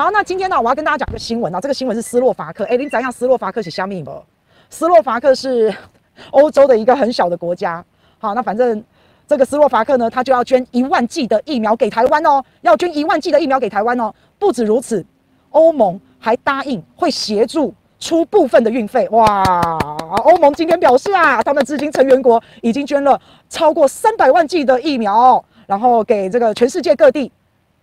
好，那今天呢、啊，我要跟大家講個新聞啊。這個新聞是斯洛伐克。哎、欸，你講一下斯洛伐克是蝦米？不，斯洛伐克是歐洲的一個很小的國家。好，那反正這個斯洛伐克呢，它就要捐一萬劑的疫苗給台灣哦。要捐一萬劑的疫苗給台灣哦。不止如此，歐盟還答應會協助出部分的運費。哇！歐盟今天表示啊，他們至今成員國已經捐了超過三百萬劑的疫苗、哦，然後給這個全世界各地。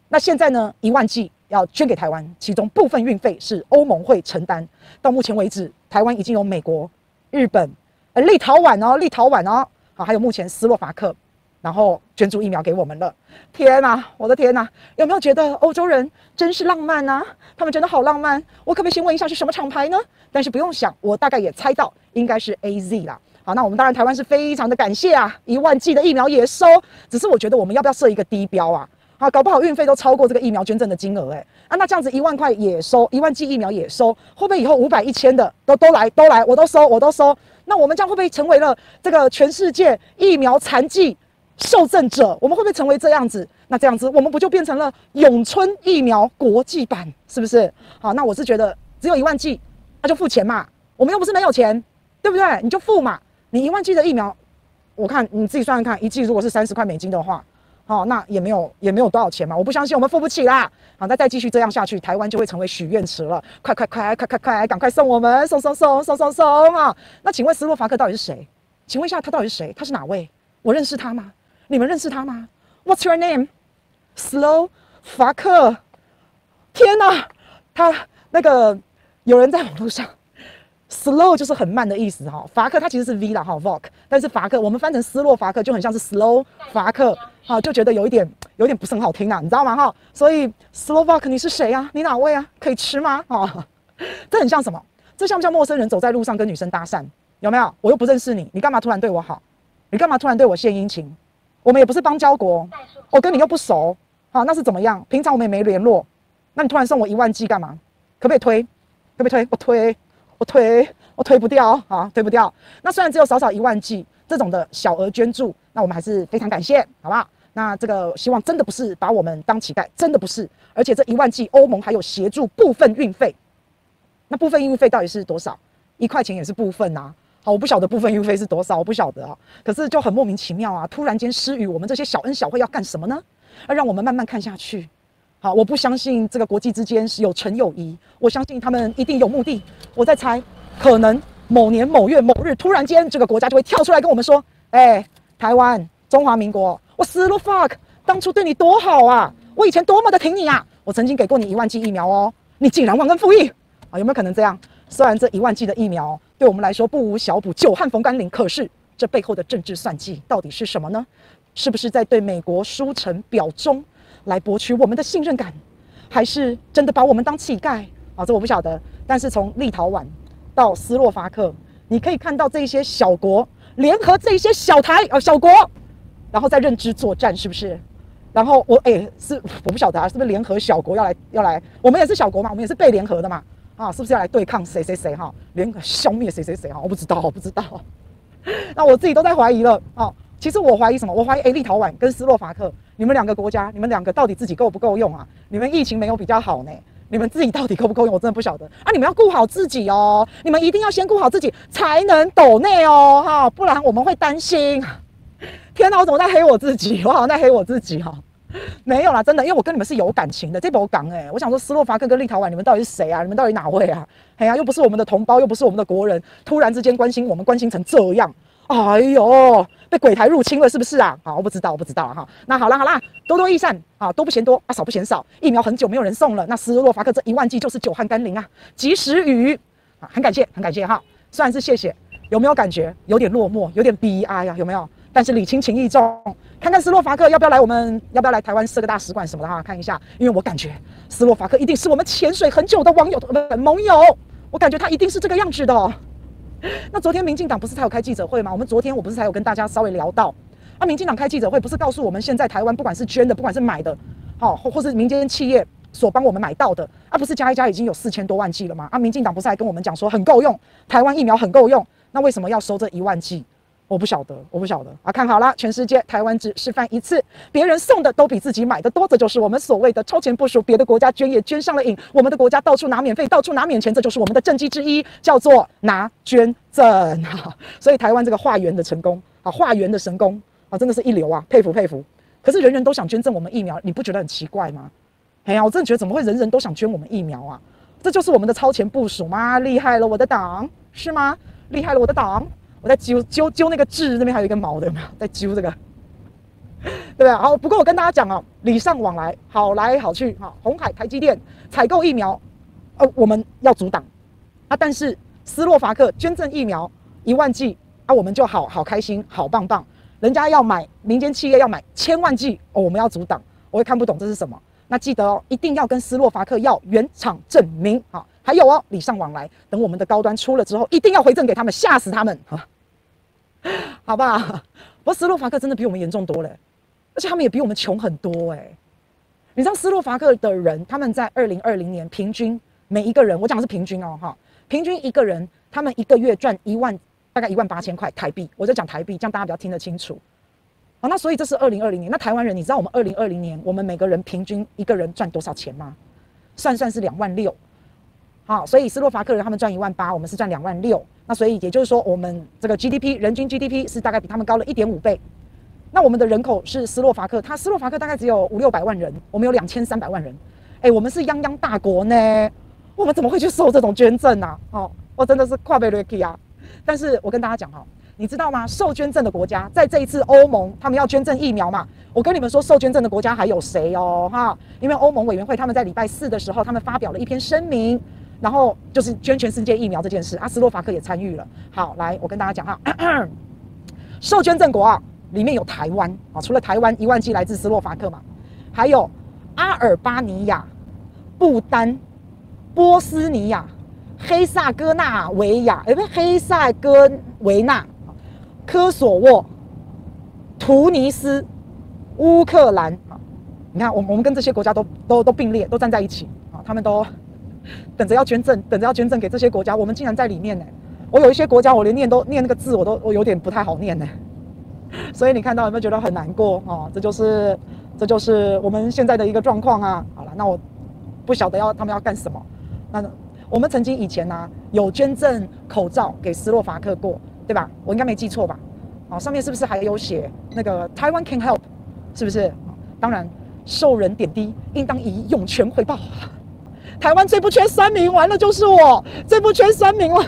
那現在呢，一萬劑。要捐給台灣，其中部分運費是歐盟會承擔。到目前為止，台灣已經有美國、日本、呃立陶宛哦，立陶宛哦，好，還有目前斯洛伐克，然後捐助疫苗給我們了。天吶，我的天吶，有沒有覺得歐洲人真是浪漫啊？他們真的好浪漫。我可不可以先問一下是什麼廠牌呢？但是不用想，我大概也猜到，應該是 AZ 啦。好，那我們當然台灣是非常的感謝啊，一萬劑的疫苗也收。只是我覺得我們要不要設一個低標啊？好，搞不好運費都超過這個疫苗捐贈的金額，哎，啊，那這樣子一萬塊也收，一萬劑疫苗也收，會不會以後五百、一千的都都來都來，我都收我都收，那我們這樣會不會成為了這個全世界疫苗殘疾受贈者？我們會不會成為這樣子？那這樣子我們不就變成了永春疫苗國際版？是不是？好，那我是覺得只有一萬劑，那、啊、就付錢嘛，我們又不是沒有錢，對不對？你就付嘛，你一萬劑的疫苗，我看你自己算算看，一劑如果是三十塊美金的話。哦，那也沒有也沒有多少錢嘛，我不相信我們付不起啦。好、啊，那再繼續這樣下去，台灣就會成為許願池了。快快快，快快快，趕快送我們送送送送送送啊！那請問斯洛伐克到底是誰？請問一下他到底是誰？他是哪位？我認識他嗎？你們認識他嗎？What's your name？斯洛伐克。天哪、啊，他那個有人在網絡上。Slow 就是很慢的意思哈，伐克它其實是 V 啦哈，Volk，但是伐克我們翻成斯洛伐克就很像是 slow 伐克哈，就覺得有一點有一點不是很好聽啦、啊。你知道嗎哈？所以 slow 伐克你是誰啊？你哪位啊？可以吃嗎？哈、哦，這很像什麼？這像不像陌生人走在路上跟女生搭訕？有沒有？我又不認識你，你幹嘛突然對我好？你幹嘛突然對我獻殷勤？我們也不是邦交國，我跟你又不熟哈、哦，那是怎麼樣？平常我們也沒聯絡，那你突然送我一萬劑幹嘛？可不可以推？可不可以推？我推。我推，我推不掉，啊。推不掉。那雖然只有少少一萬劑這種的小額捐助，那我們還是非常感謝，好不好？那這個希望真的不是把我們當乞丐，真的不是。而且這一萬劑歐盟還有協助部分運費，那部分運費到底是多少？一塊錢也是部分吶、啊。好，我不曉得部分運費是多少，我不曉得啊。可是就很莫名其妙啊，突然間施予。我們這些小恩小惠要幹什麼呢？要、啊、讓我們慢慢看下去。好，我不相信這個國際之間是有純友誼，我相信他們一定有目的。我在猜，可能某年某月某日，突然間這個國家就會跳出來跟我們說：“哎、欸，台灣，中華民國，我死了 fuck，當初對你多好啊，我以前多麼的挺你啊，我曾經給過你一萬劑疫苗哦、喔，你竟然忘恩負義啊！有沒有可能這樣？雖然這一萬劑的疫苗對我們來說不無小補，久旱逢甘霖，可是這背後的政治算計到底是什麼呢？是不是在對美國輸誠表忠？”來博取我們的信任感，還是真的把我們當乞丐啊？這我不曉得。但是從立陶宛到斯洛伐克，你可以看到這些小國聯合這些小台呃小國，然後在認知作戰是不是？然後我哎、欸、是我不曉得、啊、是不是聯合小國要來要來，我們也是小國嘛，我們也是被聯合的嘛啊，是不是要來對抗誰誰誰哈、啊，聯合消滅誰誰誰哈、啊？我不知道，我不知道。 那我自己都在懷疑了啊。其實我懷疑什麼？我懷疑誒、欸，立陶宛跟斯洛伐克。你們兩個國家，你們兩個到底自己夠不夠用啊？你們疫情沒有比較好呢？你們自己到底夠不夠用？我真的不曉得啊！你們要顧好自己哦，你們一定要先顧好自己，才能抖內哦哈、哦，不然我們會擔心。天哪、啊，我怎麼在黑我自己？我好像在黑我自己哈、哦。沒有啦，真的，因為我跟你們是有感情的。這我港誒，我想說斯洛伐克跟立陶宛，你們到底是誰啊？你們到底哪位啊？哎呀、啊，又不是我們的同胞，又不是我們的國人，突然之間關心我們，關心成這樣。哎呦，被鬼台入侵了是不是啊？好，我不知道，我不知道啊哈。那好啦，好啦，多多益善啊，多不嫌多，啊少不嫌少。疫苗很久沒有人送了，那斯洛伐克這一萬劑就是久旱甘霖啊，及時雨啊，很感謝，很感謝哈，雖然是謝謝，有沒有感覺有點落寞，有點悲哀啊，有沒有？但是禮輕情意重，看看斯洛伐克要不要來我們，要不要來台灣設個大使館什麼的哈，啊，看一下，因為我感覺斯洛伐克一定是我們潛水很久的網友、盟友，我感覺他一定是這個樣子的哦。 那昨天民進黨不是才有開記者會嗎？我們昨天我不是才有跟大家稍微聊到，啊，民進黨開記者會不是告訴我們，現在台灣不管是捐的，不管是買的，好，哦，或是民間企業所幫我們買到的，啊，不是加一加已經有四千多萬劑了嗎？啊，民進黨不是還跟我們講說很夠用，台灣疫苗很夠用，那為什麼要收這一萬劑？我不曉得，我不曉得啊！看好了，全世界台灣只示範一次，別人送的都比自己買的多，這就是我們所謂的超前部署。別的國家捐也捐上了癮，我們的國家到處拿免費，到處拿免錢，這就是我們的政績之一，叫做拿捐贈啊！所以台灣這個化緣的成功啊，化緣的神功啊，真的是一流啊，佩服佩服。可是人人都想捐贈我們疫苗，你不覺得很奇怪嗎？哎呀，我真的覺得怎麼會人人都想捐我們疫苗啊？這就是我們的超前部署嗎？厲害了我的黨，是嗎？厲害了我的黨！我在揪揪揪那個痣，那邊還有一個毛的，有沒有在揪這個？對不對？好，不過我跟大家講哦、喔，禮尚往來，好來好去。哈，鴻海台積電採購疫苗，呃，我們要阻擋啊。但是斯洛伐克捐贈疫苗一萬劑啊，我們就好好開心，好棒棒。人家要買民間企業要買千萬劑哦，我們要阻擋。我也看不懂這是什麼。那記得哦、喔，一定要跟斯洛伐克要原廠證明啊。還有哦，禮尚往來。等我們的高端出了之後，一定要回贈給他們，嚇死他們！ 好，好，好不好？不過斯洛伐克真的比我們嚴重多了、欸，而且他們也比我們窮很多哎、欸。你知道斯洛伐克的人，他們在二零二零年平均每一個人，我講的是平均哦哈，平均一個人他們一個月賺一萬，大概一萬八千塊台幣。我在講台幣，這樣大家比較聽得清楚。好、哦，那所以這是二零二零年。那台灣人，你知道我們二零二零年我們每個人平均一個人賺多少錢嗎？算算是兩萬六。好，哦、所以斯洛伐克人他們賺一萬八，我們是賺兩萬六。那所以也就是說，我們這個 GDP 人均 GDP 是大概比他們高了一點五倍。那我們的人口是斯洛伐克，他斯洛伐克大概只有五六百萬人，我們有兩千三百萬人。哎、欸，我們是泱泱大國呢，我們怎麼會去受這種捐贈啊？哦，我真的是跨被瑞奇啊！但是我跟大家講哈、哦，你知道嗎？受捐贈的國家在這一次歐盟他們要捐贈疫苗嘛？我跟你們說，受捐贈的國家還有誰哦？哈，因為歐盟委員會他們在禮拜四的時候，他們發表了一篇聲明。然後就是捐全世界疫苗這件事，阿、啊、斯洛伐克也參與了。好，來我跟大家講哈、啊，受捐贈國啊，裡面有台灣啊，除了台灣一萬劑來自斯洛伐克嘛，還有阿爾巴尼亞、不丹、波斯尼亞、黑薩哥納維亞，哎，不是黑薩哥維納、科索沃、突尼斯、烏克蘭。啊、你看，我我們跟這些國家都都都並列，都站在一起。啊、他們都，等着要捐贈，等着要捐贈給這些國家，我們竟然在裡面呢、欸。我有一些國家，我連念都念那個字，我都我有點不太好念呢、欸。所以你看到有沒有覺得很難過哦，這就是這就是我們現在的一個狀況啊。好了，那我不曉得要他們要幹什麼。那我們曾經以前呢、啊、有捐贈口罩給斯洛伐克過，對吧？我應該沒記錯吧？哦，上面是不是還有寫那個台灣 can help，是不是、哦？當然，受人點滴，應當以湧泉回報。台灣最不缺三名，完了就是我，最不缺三名了。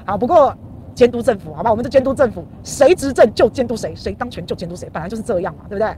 好，不過監督政府，好吧，我們就監督政府，誰執政就監督誰，誰當權就監督誰，本來就是這樣嘛，對不對？